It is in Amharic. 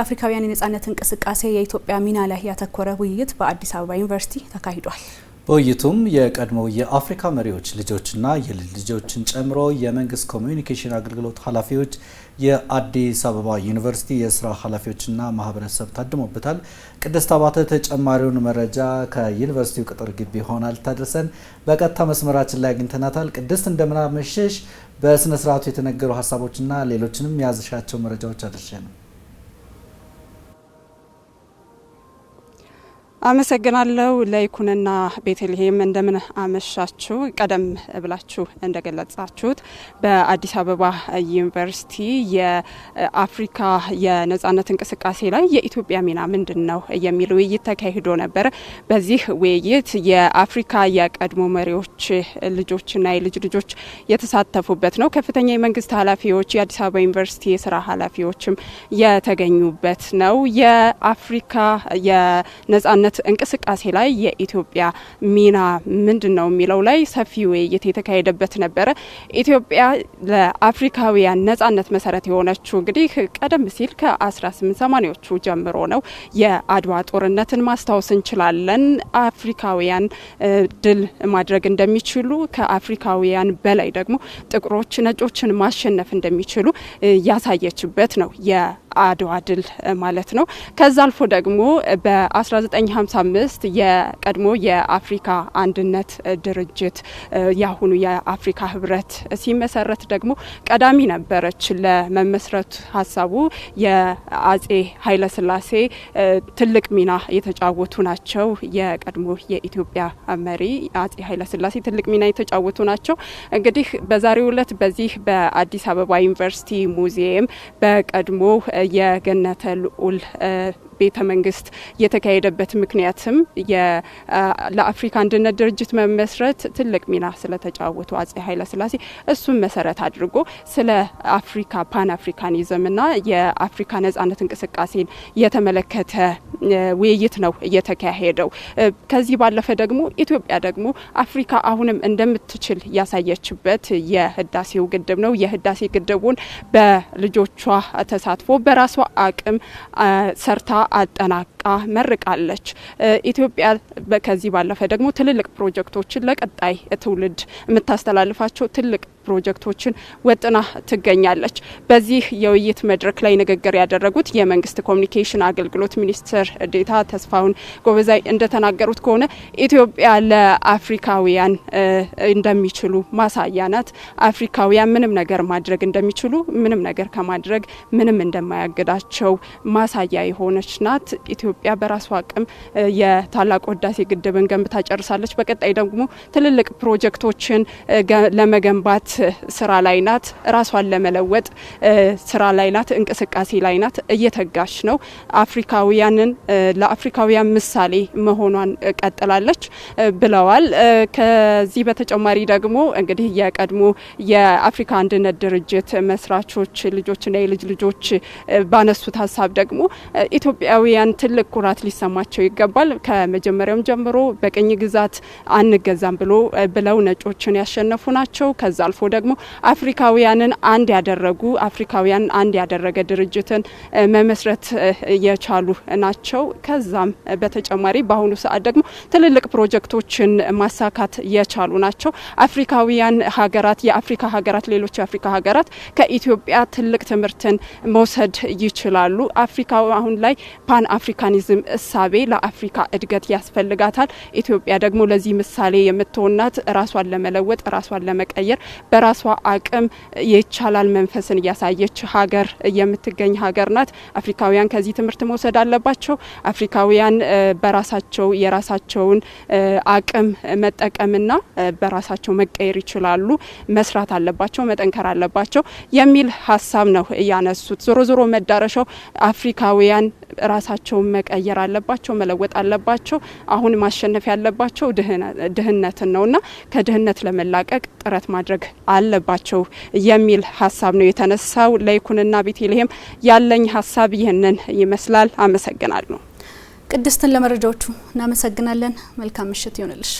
የአፍሪካውያን የነጻነት እንቅስቃሴ የኢትዮጵያ ሚና ላይ ያተኮረ ውይይት በአዲስ አበባ ዩኒቨርሲቲ ተካሂዷል። በውይይቱም የቀድሞ የአፍሪካ መሪዎች ልጆችና የልጅ ልጆችን ጨምሮ የመንግስት ኮሚዩኒኬሽን አገልግሎት ኃላፊዎች፣ የአዲስ አበባ ዩኒቨርሲቲ የስራ ኃላፊዎችና ማህበረሰብ ታድሞበታል። ቅድስት አባተ ተጨማሪውን መረጃ ከዩኒቨርሲቲው ቅጥር ግቢ ሆናል ታደርሰን በቀጥታ መስመራችን ላይ አግኝተናታል። ቅድስት እንደምናመሸሽ። በስነስርዓቱ የተነገሩ ሀሳቦችና ሌሎችንም የያዝሻቸው መረጃዎች አድርሸ ነው አመሰግናለሁ። ለይኩንና ቤተልሔም እንደምን አመሻችሁ። ቀደም ብላችሁ እንደገለጻችሁት በአዲስ አበባ ዩኒቨርሲቲ የአፍሪካ የነጻነት እንቅስቃሴ ላይ የኢትዮጵያ ሚና ምንድን ነው የሚል ውይይት ተካሂዶ ነበር። በዚህ ውይይት የአፍሪካ የቀድሞ መሪዎች ልጆችና የልጅ ልጆች የተሳተፉበት ነው። ከፍተኛ የመንግስት ኃላፊዎች፣ የአዲስ አበባ ዩኒቨርሲቲ የስራ ኃላፊዎችም የተገኙበት ነው። የአፍሪካ የነጻነት አይነት እንቅስቃሴ ላይ የኢትዮጵያ ሚና ምንድን ነው የሚለው ላይ ሰፊ ውይይት የተካሄደበት ነበረ። ኢትዮጵያ ለአፍሪካውያን ነጻነት መሰረት የሆነችው እንግዲህ ቀደም ሲል ከ1880ዎቹ ጀምሮ ነው። የአድዋ ጦርነትን ማስታወስ እንችላለን። አፍሪካውያን ድል ማድረግ እንደሚችሉ ከአፍሪካውያን በላይ ደግሞ ጥቁሮች ነጮችን ማሸነፍ እንደሚችሉ ያሳየችበት ነው። አድዋ ድል ማለት ነው። ከዛ አልፎ ደግሞ በ1955 የቀድሞ የአፍሪካ አንድነት ድርጅት ያሁኑ የአፍሪካ ህብረት ሲመሰረት ደግሞ ቀዳሚ ነበረች። ለመመስረት ሀሳቡ የአጼ ኃይለስላሴ ትልቅ ሚና የተጫወቱ ናቸው። የቀድሞ የኢትዮጵያ መሪ አጼ ኃይለስላሴ ትልቅ ሚና የተጫወቱ ናቸው። እንግዲህ በዛሬው ውለት በዚህ በአዲስ አበባ ዩኒቨርሲቲ ሙዚየም በቀድሞ የገነተ ልዑል ቤተ መንግስት የተካሄደበት ምክንያትም ለአፍሪካ አንድነት ድርጅት መመስረት ትልቅ ሚና ስለተጫወቱ አጼ ኃይለስላሴ እሱን መሰረት አድርጎ ስለ አፍሪካ ፓን አፍሪካኒዝምና የአፍሪካ ነጻነት እንቅስቃሴን የተመለከተ ውይይት ነው እየተካሄደው። ከዚህ ባለፈ ደግሞ ኢትዮጵያ ደግሞ አፍሪካ አሁንም እንደምትችል ያሳየችበት የህዳሴው ግድብ ነው። የህዳሴ ግድቡን በልጆቿ ተሳትፎ በራሷ አቅም ሰርታ አጠናቃ መርቃለች። ኢትዮጵያ ከዚህ ባለፈ ደግሞ ትልልቅ ፕሮጀክቶችን ለቀጣይ ትውልድ የምታስተላልፋቸው ትልቅ ፕሮጀክቶችን ወጥና ትገኛለች። በዚህ የውይይት መድረክ ላይ ንግግር ያደረጉት የመንግስት ኮሚኒኬሽን አገልግሎት ሚኒስትር ዴታ ተስፋሁን ጎበዛይ እንደተናገሩት ከሆነ ኢትዮጵያ ለአፍሪካውያን እንደሚችሉ ማሳያ ናት። አፍሪካውያን ምንም ነገር ማድረግ እንደሚችሉ ምንም ነገር ከማድረግ ምንም እንደማያግዳቸው ማሳያ የሆነች ናት። ኢትዮጵያ በራሷ አቅም የታላቁ ህዳሴ ግድብን ገንብታ ጨርሳለች። በቀጣይ ደግሞ ትልልቅ ፕሮጀክቶችን ለመገንባት ስራ ላይ ናት። ራሷን ለመለወጥ ስራ ላይ ናት፣ እንቅስቃሴ ላይ ናት፣ እየተጋች ነው። አፍሪካውያንን ለአፍሪካውያን ምሳሌ መሆኗን ቀጥላለች ብለዋል። ከዚህ በተጨማሪ ደግሞ እንግዲህ የቀድሞ የአፍሪካ አንድነት ድርጅት መስራቾች ልጆችና የልጅ ልጆች ባነሱት ሀሳብ ደግሞ ኢትዮጵያውያን ትልቅ ኩራት ሊሰማቸው ይገባል። ከመጀመሪያውም ጀምሮ በቅኝ ግዛት አንገዛም ብሎ ብለው ነጮችን ያሸነፉ ናቸው። ከዛ አልፎ አልፎ ደግሞ አፍሪካውያንን አንድ ያደረጉ አፍሪካውያንን አንድ ያደረገ ድርጅትን መመስረት የቻሉ ናቸው። ከዛም በተጨማሪ በአሁኑ ሰዓት ደግሞ ትልልቅ ፕሮጀክቶችን ማሳካት የቻሉ ናቸው። አፍሪካውያን ሀገራት የአፍሪካ ሀገራት ሌሎች የአፍሪካ ሀገራት ከኢትዮጵያ ትልቅ ትምህርትን መውሰድ ይችላሉ። አፍሪካ አሁን ላይ ፓን አፍሪካኒዝም እሳቤ ለአፍሪካ እድገት ያስፈልጋታል። ኢትዮጵያ ደግሞ ለዚህ ምሳሌ የምትሆናት ራሷን ለመለወጥ ራሷን ለመቀየር በራሷ አቅም የይቻላል መንፈስን እያሳየች ሀገር የምትገኝ ሀገር ናት። አፍሪካውያን ከዚህ ትምህርት መውሰድ አለባቸው። አፍሪካውያን በራሳቸው የራሳቸውን አቅም መጠቀምና በራሳቸው መቀየር ይችላሉ፣ መስራት አለባቸው፣ መጠንከር አለባቸው የሚል ሀሳብ ነው ያነሱት። ዞሮ ዞሮ መዳረሻው አፍሪካውያን ራሳቸውን መቀየር አለባቸው፣ መለወጥ አለባቸው። አሁን ማሸነፍ ያለባቸው ድህነትን ነው እና ከድህነት ለመላቀቅ ጥረት ማድረግ አለባቸው የሚል ሀሳብ ነው የተነሳው። ለይኩንና ቤተልሔም ያለኝ ሀሳብ ይህንን ይመስላል። አመሰግናለሁ። ቅድስትን ለመረጃዎቹ እናመሰግናለን። መልካም ምሽት ይሆንልሽ።